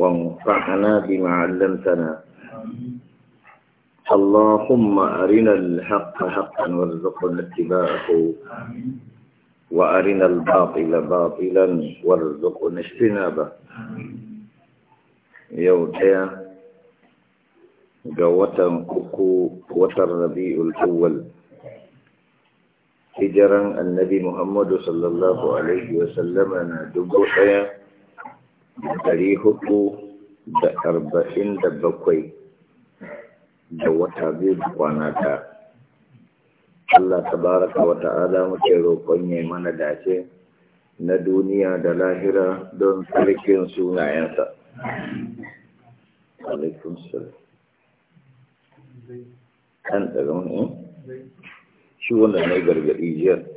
وانفعنا بما علمتنا اللهم أرنا الحق حقا وارزقنا اتباعه وأرنا الباطل باطلا وارزقنا اجتنابه يوتيا قوة كوكو قوة الربيع الأول هجرا النبي محمد صلى الله عليه وسلم دبوحيا dari hudu da arba'in da bakwai da wata biyu da kwana ta Allah baraka wa ta'ala muke roƙon ya mana dace na duniya da lahira don tsarkin sunayensa. Alaikun Kan in? Eh? Shi wanda mai gargaɗi jiyar.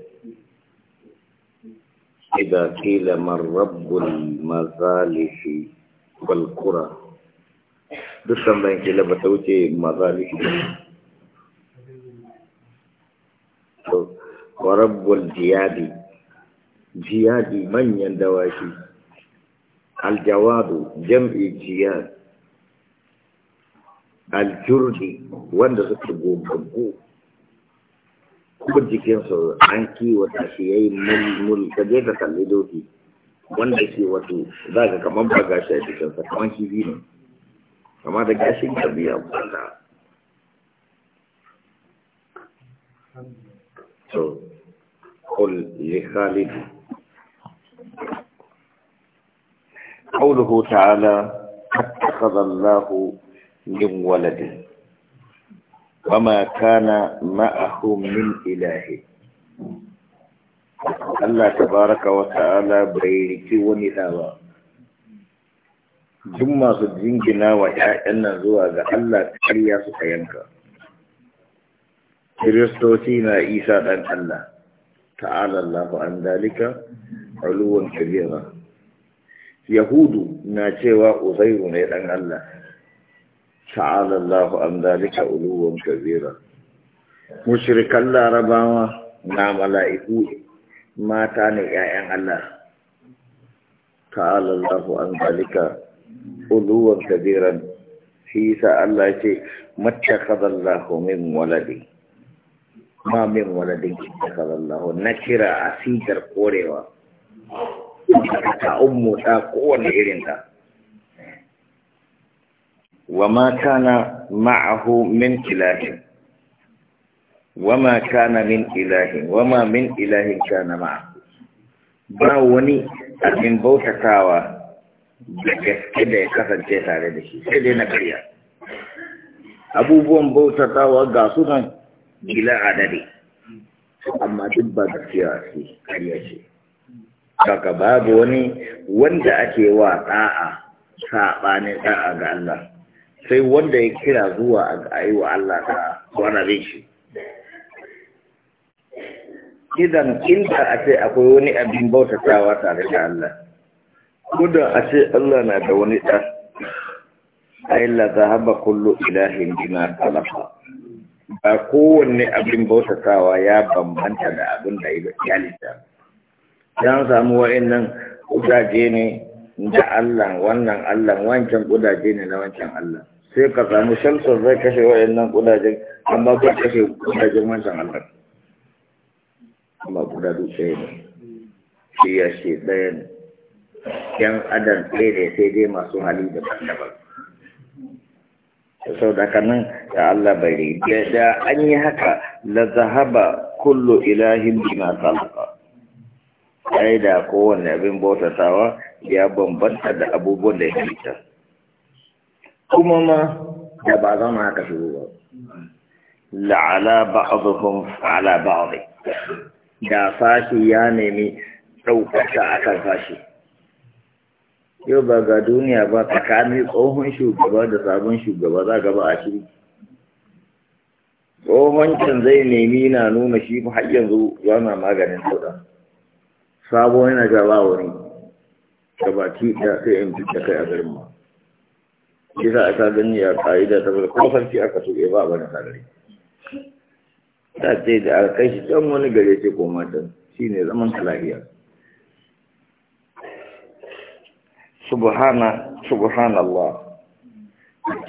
إذا قيل من رب المظالف والقرى duk tambayin kila ba ta wuce mazalik to wa rabbul jiyadi jiyadi manyan dawaki aljawadu jam'i jiyad aljurdi wanda suka gogaggo ko jikinsu an kiwata shi ya yi mulmul ka je ka kalli doki wanda ke wato za ka kamar ba gashi a jikinsa kamar kifi ne amma da gashin ka biya bata to قل لخالد قوله تعالى اتخذ الله من ولده وما كان معه من إله الله bai riki wani ونلاوى duk masu jingina wa ‘ya'yan nan zuwa ga Allah ƙarya suka yanka. Kiristoci na Isa ɗan Allah, ta'ala an dalika, ƙaluwan kabira. Yahudu na cewa Uzairu ne ɗan Allah, تعالى الله عن ذلك علوا كبيرا مشرك الله ربما نعم ملائكو ما تاني يا الله تعالى الله عن ذلك علوا كبيرا في الله شيء ما اتخذ الله من ولد ما من ولد اتخذ الله na kira a sigar korewa ta ummu ta وما كان معه من إله وما كان من إله وما من إله كان معه باوني أجن بوتا كاوا كده كفن جيسا دشي كده نبريا أبو بوان بوتا كاوا غاسونا جلا عددي أما duk ba gaskiya كاكا kariya ce kaka babu wani wanda ake wa da'a sai wanda ya kira zuwa a yi Allah ta kwanare shi idan inda a ce akwai wani abin bauta tawa tare da Allah ko da a ce Allah na da wani ɗan ai la zahaba kullu ilahin bima talafa ba kowanne abin bauta tawa ya bambanta da abin da ya lita. dan samu wa'annan kudaje ne da Allah wannan Allah wancan kudaje ne na wancan Allah sai ka samu shamsar zai kashe nan kudajen amma ba kashe kudajen wancan allah amma guda dutse ne shi ya shi ɗayan yan adam ɗaya ne sai dai masu hali da daban sau da kanan da Allah bai rige da an yi haka la zahaba kullu ilahin bima khalaqa ai da kowane abin bautatawa ya bambanta da abubuwan da ya halitta kuma ma da ba zama haka shigo ba la'ala ba'dhum ala ba'd da fashi ya nemi ɗaukaka akan fashi. yau ba ga duniya ba tsakanin tsohon shugaba da sabon shugaba za gaba a shiri tsohon can zai nemi na nuna shi har yanzu yana maganin sauɗa sabo yana gaba wani gabaki da sai in fita kai a garin ma Isa aka gani a ƙa'ida ta bala kuma sarki aka tuɓe ba bane sarari. Ta ce da aka kai shi can wani gare ce ko matan shi ne zaman lafiya. Subhana, subhanallah,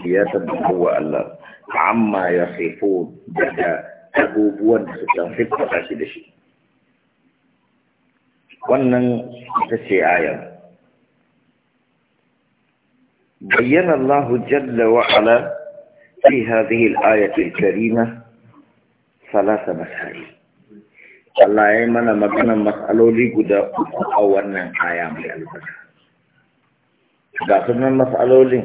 ya tabbata wa Allah, amma ya saifo daga abubuwan da suka fitata shi da shi. Wannan ita ce ayar. بين الله جل وعلا في هذه الآية الكريمة ثلاث مسائل الله يمنى مسألو لي قد أولنا آية من البشر داخلنا لي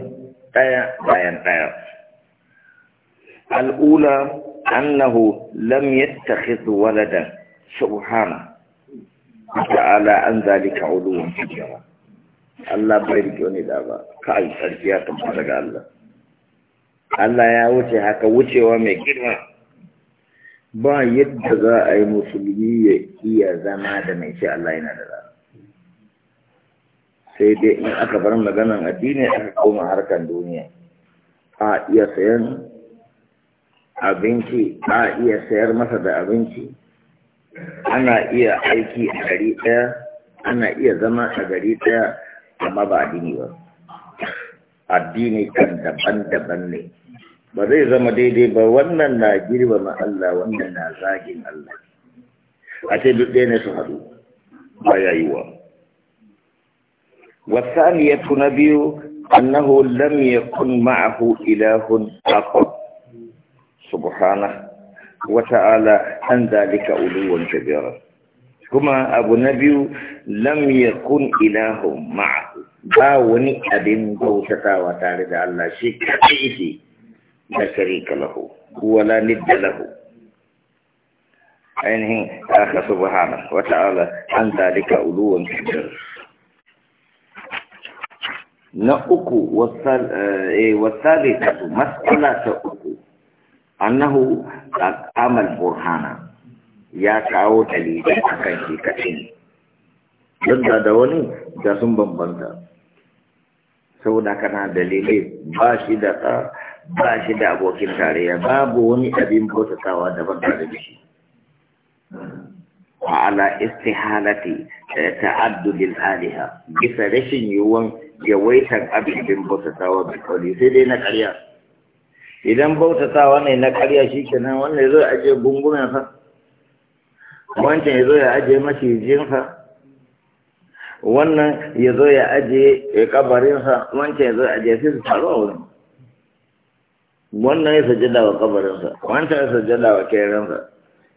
آية آية آية الأولى أنه لم يتخذ ولدا سبحانه تعالى عن ذلك علوا كبيرا Allah bai rike wani da ba ka alƙarfi ya fara ga Allah Allah ya wuce haka wucewa mai girma ba yadda za a yi musulmi ya iya zama da mai shi Allah yana da sai dai in aka bar maganan addini aka koma harkar duniya a iya sayan abinci a iya sayar masa da abinci ana iya aiki a gari ɗaya ana iya zama a gari ɗaya amma ba addini ba addini kan daban-daban ne ba zai zama daidai ba wannan na girba ma Allah wannan na zagin Allah a ce duk dai ne su hadu ba ya yi wa wasaniyatu na biyu annahu lam yakun ma'ahu ilahun akhar subhanahu wa ta'ala an zalika uluwan kabira كما أبو نبي لم يكن إله معه باوني أبن جوشتا وتعرض الله شيك إذي لا شريك له ولا ند له أينه آخ سبحانه وتعالى عن ذلك أولو كبير نأكو والثالثة مسألة أكو أنه قد برهانا ya kawo dalilin a kan shi kaɗai don da da wani da sun bambanta saboda kana dalilai ba shi da ɗa ba shi da abokin tarayya babu wani abin bautatawa daban da shi wa ala istihalati ta'addudil aliha bisa rashin yiwuwan yawaitar abin bautatawa da kauli sai dai na ƙarya idan bautatawa ne na karya shi kenan wanda zai ajiye gungunan sa wancan ya zo ya ajiye mashijinsa, wannan ya zo ya ajiye kabarinsa wancan ya zo ya ajiye sai su taru a wurin wannan ya sajada wa kabarinsa wancan ya sajada wa kerensa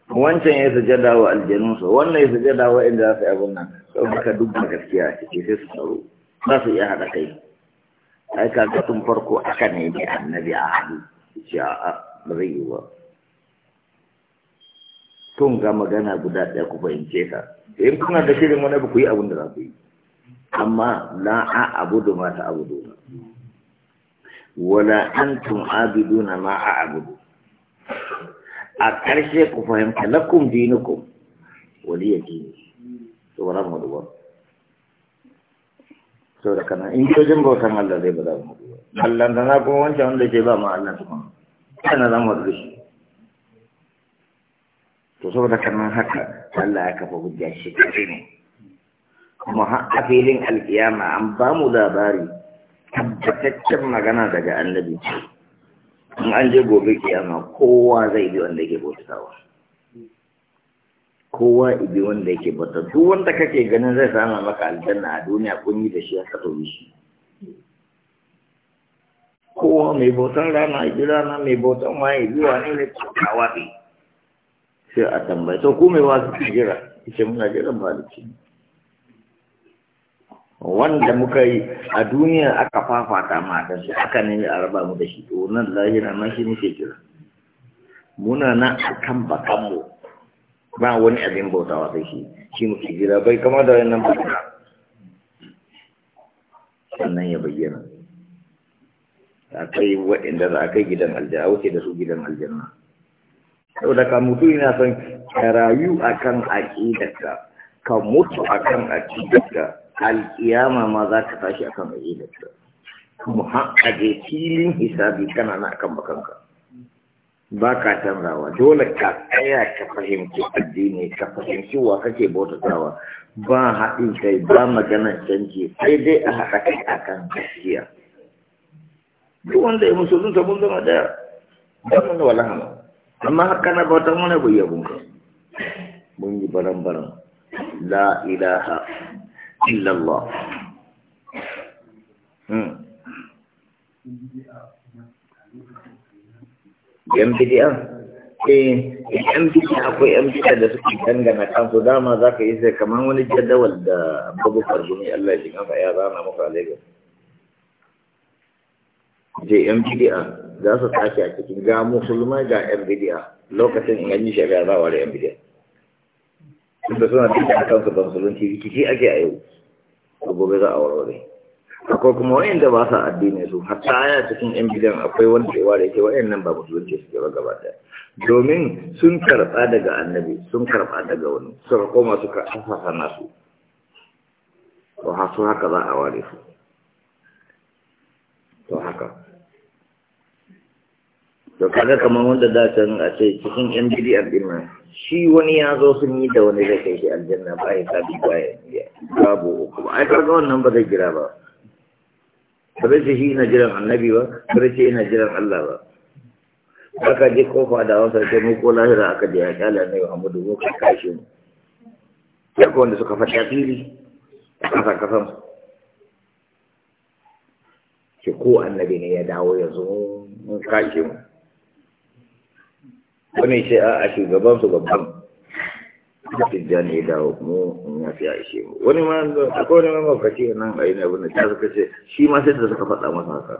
wancan ya sajada wa aljanunsa wannan ya sajada wa inda za su yi abin nan sau haka duk da gaskiya a ciki sai su taru za su iya haɗa kai ai kaga tun farko aka ne bi annabi a hannu ce a'a ba zai yi ba kun ga magana guda ɗaya ku fahimce ta in kuna da shirin wani abu ku yi abin da za ku yi amma la a abudu ma ta abudu na wala antum abiduna ma a abudu a ƙarshe ku fahimta lakum dinukum wali ya dini to wala mu duba to da kana in ji jojin bautan Allah zai ba za mu duba Allah da na kuma wancan wanda ke ba ma Allah kuma kana za mu duba to saboda kanan haka Allah ya kafa hujja shi kaɗai ne kuma a filin alkiyama an ba mu labari tabbataccen magana daga annabi in an je gobe kiyama kowa zai bi wanda yake bautawa kowa ibi wanda yake bauta duk wanda kake ganin zai samu maka aljanna a duniya kun yi da shi a kato shi kowa mai bautan rana ibi rana mai bautan waye biwa ne ne cikin ne sai a tambaye to ku mai wasu jira ce muna jiran maliki wanda muka yi a duniya aka fafata matan shi aka nemi a raba mu da shi to nan lahira nan shi muke jira muna nan akan bakanmu ba wani abin bautawa sai shi shi muke jira bai kama da wannan ba. sannan ya bayyana akwai waɗanda za a kai gidan aljanna wuce da su gidan aljanna saboda ka mutu ina son ka rayu akan aqidarka ka mutu akan aqidarka alkiyama ma za ka tashi akan aqidarka kuma har a je filin hisabi kana na akan bakanka ba ka canzawa dole ka tsaya ka fahimci addini ka fahimci wa kake bautatawa ba haɗin kai ba maganar canji sai dai a haɗa kai akan gaskiya duk wanda ya musulunta mun zama ɗaya. ba mun da walahama amma haka na bautan wani bai yabon ka mun yi baran-baran la ilaha illallah hmm. yan bidiya eh yan bidiya akwai yan bidiya da suke dangana kansu dama za ka yi sai kamar wani jadawal da babu karbuni Allah ya ji ka ya zana maka a Lagos je yan bidiya za su tashi a cikin ga musulmai ga yan bidiya lokacin in ganyi shari'a za wa da yan bidiya da suna cikin kansu ba musulunci rikici ake a yau ko gobe za a warware akwai kuma da ba sa addini su hatta aya cikin yan bidiyan akwai wanda cewa da yake nan ba musulunci suke ba gaba daya domin sun karɓa daga annabi sun karɓa daga wani sun koma suka asasa nasu to haka za a ware su to haka to kaga kamar wanda da can a ce cikin yan bidiyar a nan shi wani ya zo sun yi da wani zai kai shi aljanna ba ya sabi ba ya babu uku ba ai kaga wannan ba zai jira ba ba zai ce shi ina jiran annabi ba ba zai ce ina jiran Allah ba aka je kofa da wasa sai mu ko lahira aka je ya kyala ne Amadu mu kai kashi mu Ya ko wanda suka fata fili kasa kasan ki ko annabi ne ya dawo yanzu mun kashi mu wani ce a a shugaban su babban tijjan ya dawo mu ya fi ishe mu wani ma akwai wani mamakaci nan a yi na abin da ta suka ce shi ma sai da suka faɗa masa haka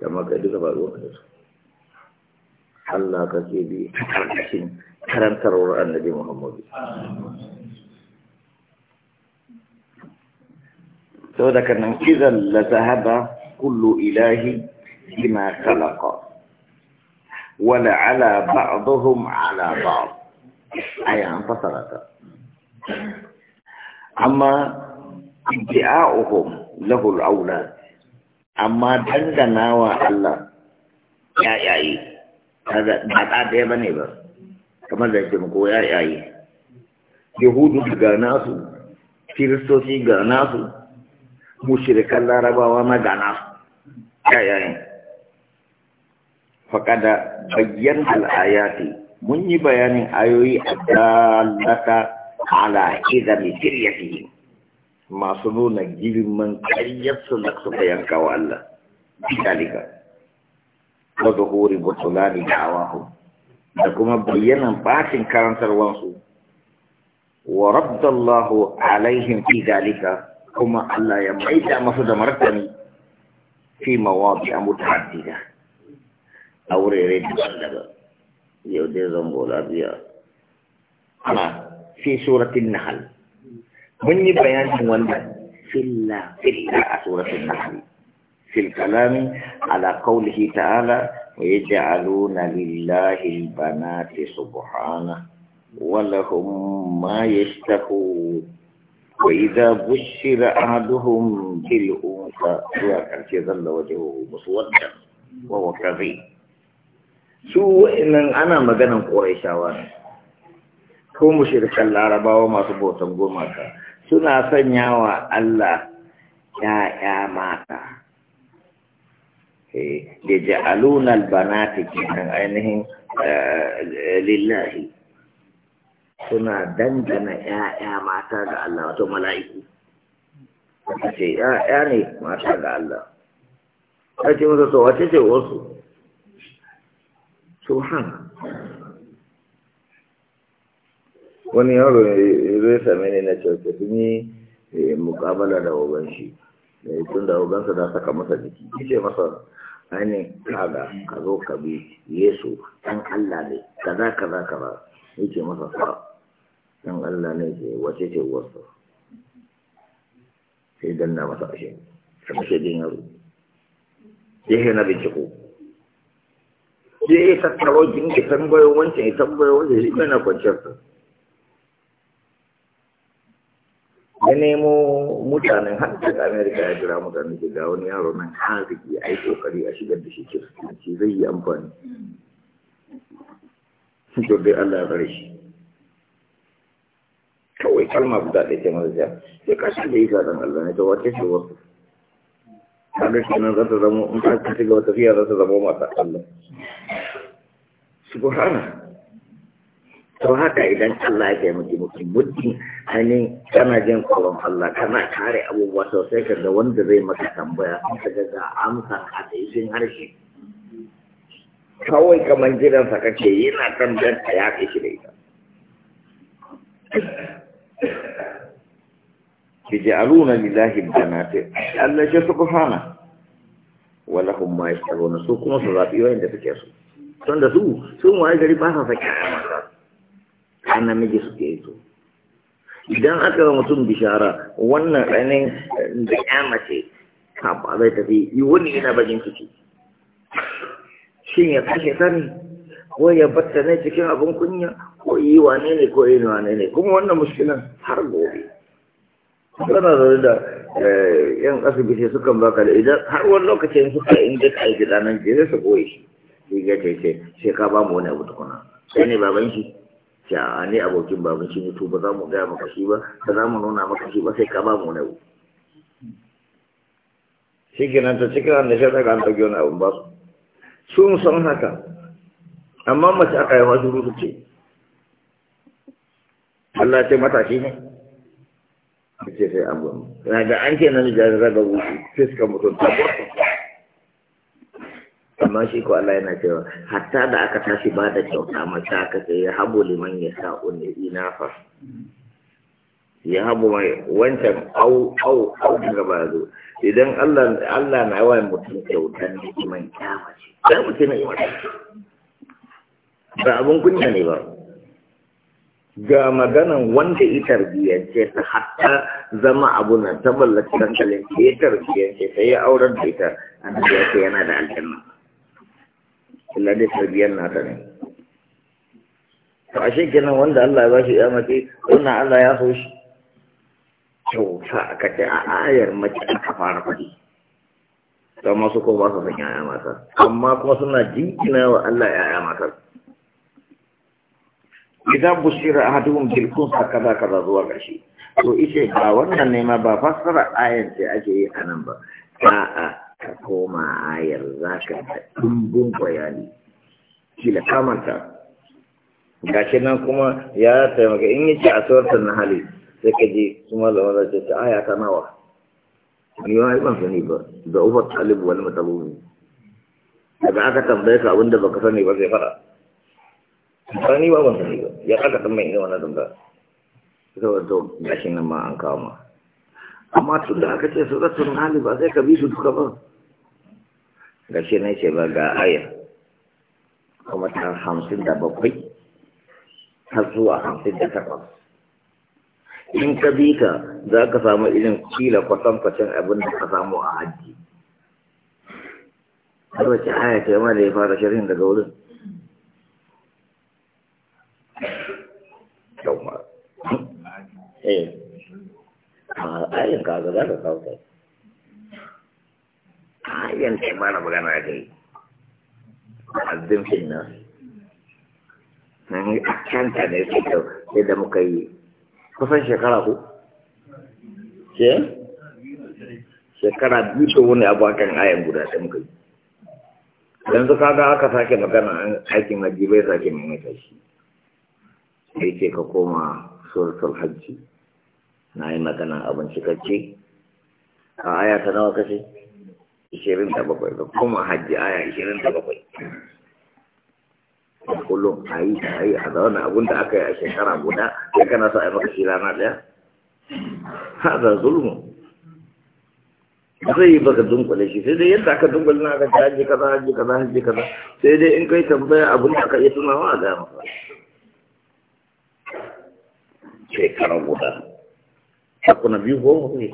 kama ka duka faɗo a su Allah ka ce bi a ƙarƙashin karantarwar annabi Muhammadu. Sau da kanan kizan la zahaba kullu ilahi bima khalaqa ولعلى بعضهم على بعض أي انفصلت أما ادعاؤهم له الأولاد أما دندنا الله يا يا أي هذا ما تعرف بني بس كما ذلك يا يا أي يهود غناسو كريستوسي مشرك الله ربا وما غناس يا يا أي faƙada bayyan al'ayati mun yi bayanin ayoyi a dalata ala izami firyatihi masu nuna girman ƙaryarsu da su bayan kawo Allah dalika wa zuhuri butulani da awahu da kuma bayyanan bacin karantarwansu wa rabdallahu alaihim fi dalika kuma Allah ya maida masu da martani fi mawadi a mutahaddida a wurare daban-daban yau dai zan bola biya ana fi suratin nahal mun yi bayanin wannan filla filla a suratin nahal fil kalami ala qawlihi ta'ala wa yaj'aluna lillahi banati subhana wa lahum ma yashtahun وإذا بشر أحدهم بالأنثى وكان ظل وجهه مسودا وهو كظيم su wa'annan ana maganan ƙorashawa ne ko mushirikan larabawa masu bautan gumaka suna sanya wa Allah ‘ya'ya mata da eh, ja'alunan ke kenan ainihin eh, lillahi suna dangana ‘ya'ya mata ga Allah wato mala'iku ce ‘ya'ya ne mata ga Allah ta ce masa to wace ce wasu subhan wani yaro zai same ni na cewa sun yi mukabala da ogan shi eh, tun da za da saka masa jiki ce masa ainihin kaga ka zo ka bi yesu ɗan allah ne kaza kaza kaza yake masa sa ɗan allah ne ke wace ce wasu sai danna masa ashe kamar shaidin yaro yake na binciko sai ya tattaro kin ya tambayo wancan ya tambayo wancan shi na kwanciyar sa ya nemo mutanen hannun amerika ya jira mutanen ke ga wani yaro nan haziki a yi kokari a shigar da shi kiristanci zai yi amfani to bai allah ya tsare shi kawai kalma guda ɗaya ce mara sai ka shi da yi zaɗen allah ne ta wace shi wasu kaga kenan za ta zama in ka ka shiga tafiya za ta zama Allah subhana sau haka idan Allah ya taimaki mutum mutum hani kana jin tsoron Allah kana kare abubuwa sosai ka ga wanda zai maka tambaya ka ga amsa a cikin harshe kawai kamar jiransa kake yana tambayar ka ya kai shi da ita yaj'aluna lillahi banati Allah ya subhana wa lahum ma yashtaruna su kuma su zabi wanda suke so da su su mu ai gari ba sa saki amma kana miji ke yi idan aka ga mutum bishara wannan ɗanin da kyama ce ta ba tafi yi wani yana bajin ciki shin ya kashe sani ko ya batta ne cikin abin kunya ko yi wane ne ko yi wane ne kuma wannan muskilin har gobe kana zaune da eh, yan asibiti sukan baka da idan har wani lokacin suka in duk a gida nan je sai su goye shi shi ya ce ce sai ka ba mu wani abu tukuna sai ne baban shi ya ne abokin baban shi ne to ba za mu gaya maka shi ba ba za mu nuna maka shi ba sai ka ba mu wani abu shi kenan ta cikin an da shi daga an ɗauki wani abu ba su sun san haka amma mace aka yi wasu rutu ce Allah ce matashi ne ce sai an bamu daga an ce nan da raga mutum ta amma shi ko Allah yana cewa hatta da aka tashi ba da kyauta mace aka ce ya habu liman ya sa ina fa? ya habu mai wancan au au au daga ba zo idan Allah Allah na yawan mutum kyauta ne kyautan ni'iman kyamace sai mutum ne. ba abun kunya ne ba ga maganan wanda ya tarbiyyance ta hatta zama abu nan ta mallaki dankalin ta ya tarbiyyance ta ya auren da ita a ya ce yana da aljanna Allah dai tarbiyyar na ta ne to ashe kenan wanda Allah ya bashi ya mace wannan Allah ya so shi kyauta aka ce a ayar mace aka fara faɗi don masu ko ba su san yaya matar amma kuma suna jinkina wa Allah yaya matar idan bushira ahaduhum bil kunsa kaza kaza zuwa gashi to ice ba wannan ne ma ba fassara ayar sai ake yi a nan ba a'a ka koma ayar ka da dumbun bayani kila kamanta gashi nan kuma ya taimaka in yi ce a tsawartar na hali sai ka ji kuma da wanda ce ta aya ta nawa ni ma ban sani ba da ubar talibu wani matabu daga aka tambaye ka abinda baka sani ba zai fara ba ni ba ban sani ya saka san mai wani danga zo to gashi nan ma an kama. amma tun da aka ce suratul hali ba sai ka bi su duka ba gashi ne ce ba ga aya kuma ta hamsin da bakwai har zuwa hamsin da takwas in ka bi ka za ka samu irin kila kwatankwacin abin da ka samu a hajji har wace aya ta yamma da ya fara shirin daga wurin yawa eh a ga zaka kawo kai ayin kai ma na magana kai azim shin na nan a canta ne sai da muka yi kusan shekara ku, ke shekara biyu ta wani abu akan ayan guda ɗin yi, yanzu kaga aka sake magana aikin hajji bai sake maimaita shi sai ce ka koma suratul hajji na yi magana abin cikakke a aya ta nawa kashe 27 ka koma hajji aya 27 kullum a yi a yi a zaune abin da aka yi a shekara guda ya kana sa a maka shi rana ɗaya da zulmu zai yi baka dunkule shi sai dai yadda aka dunkule na aka ci hajji kaza hajji kaza hajji kaza sai dai in kai tambaya abin da aka iya tunawa a gaya maka shekara guda hakuna biyu ko hudu ne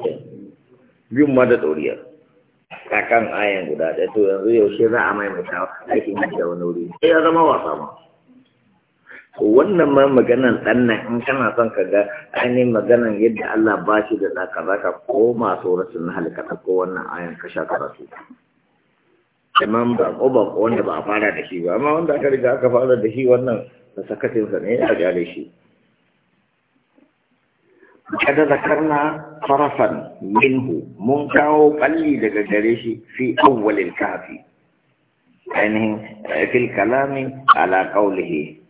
biyun ma da ɗoriya kakan ayan guda ɗaya to yanzu yaushe za a maimaita aikin da wani wuri sai ya zama wasa ma wannan ma maganan ɗan nan in kana son ka ga ainihin maganan yadda Allah ba shi da ɗaka za ka koma sauratun na ko wannan ayan ka sha karatu imam ba ko ba wanda ba a fara da shi ba amma wanda aka riga aka fara da shi wannan da sakatinsa ne ya gare shi kada zakarna tarafan minhu mun kawo kalli daga gare shi fi awwalil kafi ainihin fil kalami ala qawlihi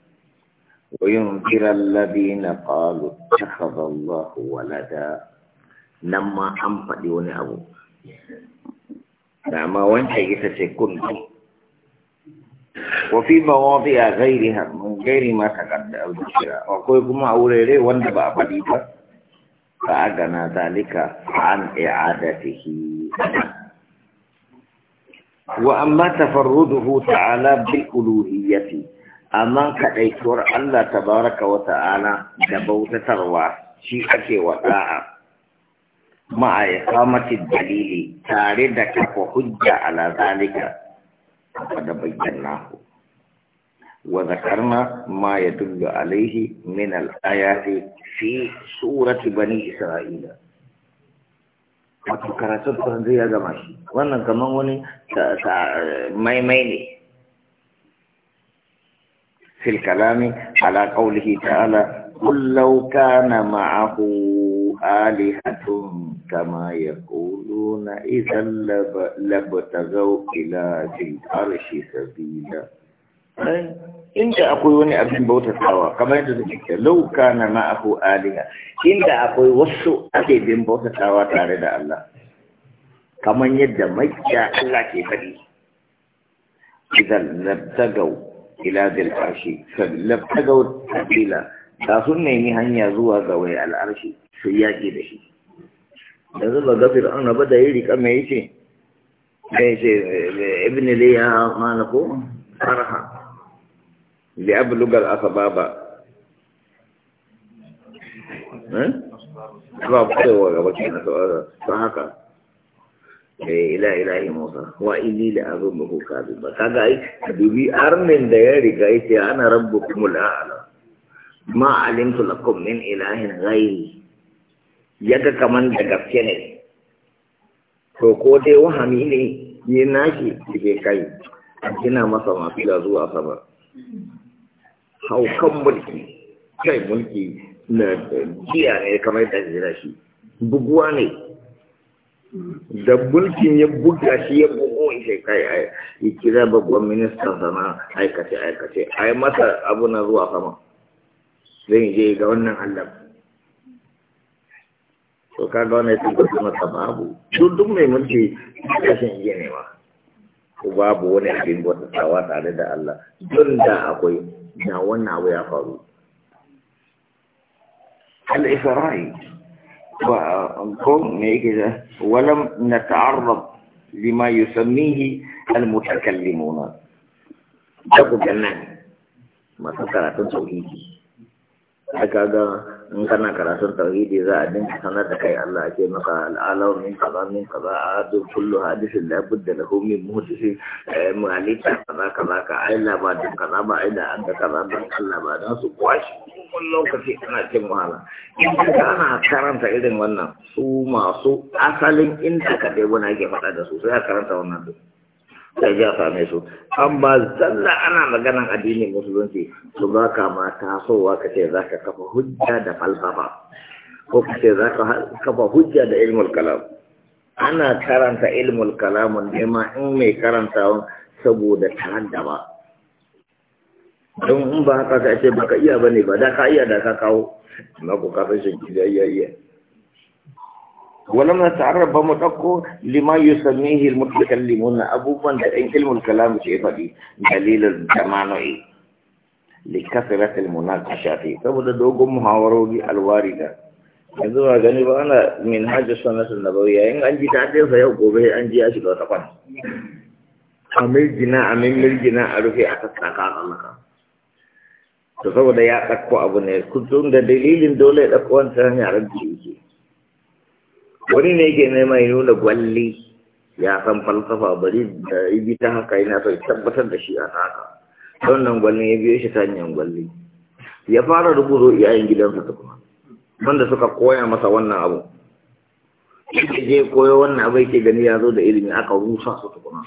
wa yunzira alladhina qalu takhadha Allahu walada nan ma an faɗi wani abu da ma wancan ita ce wa kuntu وفي مواضع غيرها من غير ما تقدم kuma وكوي كما أوريري وان دبا ba فأغنى ذلك عن إعادته وأما تفرده تعالى بالألوهية أما كأيكور ألا تبارك وتعالى دبوت تروى شيئك وطاعة مع إقامة الدليل تاردك وحجة على ذلك فقد بيناه وذكرنا ما يدل عليه من الآيات في سورة بني إسرائيل wato karatun kwanzu ya gama shi wannan kamar wani maimai ne fil kalami ala qawlihi ta'ala qul law kana ma'ahu alihatun كما يقولون إذا لابتغوا إلى ذي العرش سبيلا Eh, inda akwai wani abin bautatawa kamar yadda suke ke lauka na ma'ahu aliha inda akwai wasu ake bin bautatawa tare da Allah kamar yadda makiya Allah ke faɗi idan labtagau ila zil labtagau tabila da sun nemi hanya zuwa ga wai al'arshi su yaƙi da shi da zuba gafir an raba da yi riƙa mai ce ibn liya ma ko farha li ablugal asbaba eh ba haka. wa ga wacce na tsara ta haka eh ila ilahi musa ba inni la yi? kadib kaga ai dubi armin da ya riga yake ana kuma al'ala ma alimtu lakum min ilahin ghairi yaga kaman da gaske ne to ko dai wahami ne ni nake kike kai kina masa mafila zuwa sabar haukan mulki kai mulki na jiya ne kamar da jira shi buguwa ne da mulkin ya buga shi ya bugo shi kai ai ya kira babban ministan sana aikace aikace ai masa abu na zuwa sama zai je ga wannan allah to kaga wannan sun ba masa babu duk mai mulki kashin iya ne ba babu wani abin bautawa tare da Allah don da akwai da wannan abu ya faru al-isra'i ko ne yake da walam na ta'arrab lima yusammihi al-mutakallimuna da ku ganin masu karatun tauhidi aka ga in kana karatun tauhidi za a dinka sanar da kai Allah ake maka al'alau min kaza min kaza duk kullu hadisin da budda lahu min muhdisi eh, malika kaza kaza ka ai labarin kaza ba ai da an ga kaza ba Allah ba don su kwashi kun lokaci ana cin wahala in ka ana karanta irin wannan su masu asalin inda ka dai wani ake faɗa da su sai a karanta wannan duk ya ya same su amma zalla ana maganan addinin musulunci su ba ka ma tasowa ka ce za ka kafa hujja da falsafa ko ka ce za ka kafa hujja da ilmul kalam ana karanta ilmul kalamun ne ma in mai wa saboda taranda ba don in ba haka ka ce ba ka iya bane ba da ka iya da ka kawo na ku kafin shi iya iya iya ولم نتعرف بمتقو لما يسميه المتكلمون أبوبا دائن علم الكلام شيطاني دليل الجمانعي لكثرة المناقشات فبدا دوغو محاوروغي الواردة عندما أغني بأنا من حاجة سنة النبوية إن أنجي تعدل فيه قبه أنجي أشد وطفن أمير جناء أمير مير جناء أروفي أكت أقاق الله فبدا يأتكو أبنير كنتون دليل دولة أكوان سهني عرب جيوكي wani ne yake neman ya nuna gwalli ya san falsafa bari da yi ta haka yana so tabbatar da shi a haka wannan gwalli ya biyo shi ta hanyar gwalli ya fara rubuto iyayen gidansa ta kuma wanda suka koya masa wannan abu yake je koyo wannan abu yake gani ya zo da ilimi aka rusa su tukuna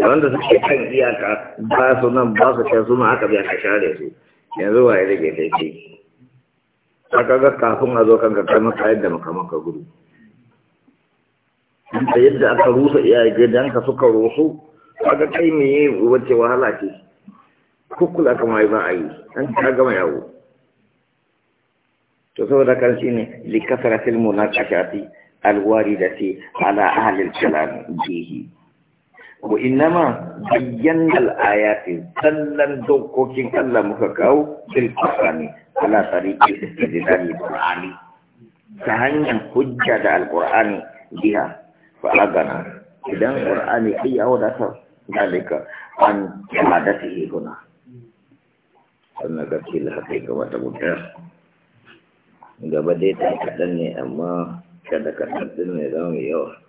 da wanda suke kan iyaka ba su nan ba su can suna aka biya ka share su yanzu wa ya rage ce aka ga kafin a zo kanka kai maka yadda maka maka gudu da yadda aka rusa iyaye ka suka rusu kaga kai me wace wahala ce kukula kama za a yi an ka gama yawo to saboda kan shi ne likasaratil alwari alwaridati ala ahli al jihi wa innama bayyana al-ayati sallan dokokin Allah muka kawo fil qur'ani ala tariqi istidlal al-qur'ani ta hanyar hujja da al-qur'ani biha fa agana idan qur'ani ai ya wadatar dalika an ibadatihi huna sannan ga kila haka ga wata mutum gaba dai ta kadan ne amma kada kaɗan ne zama yawa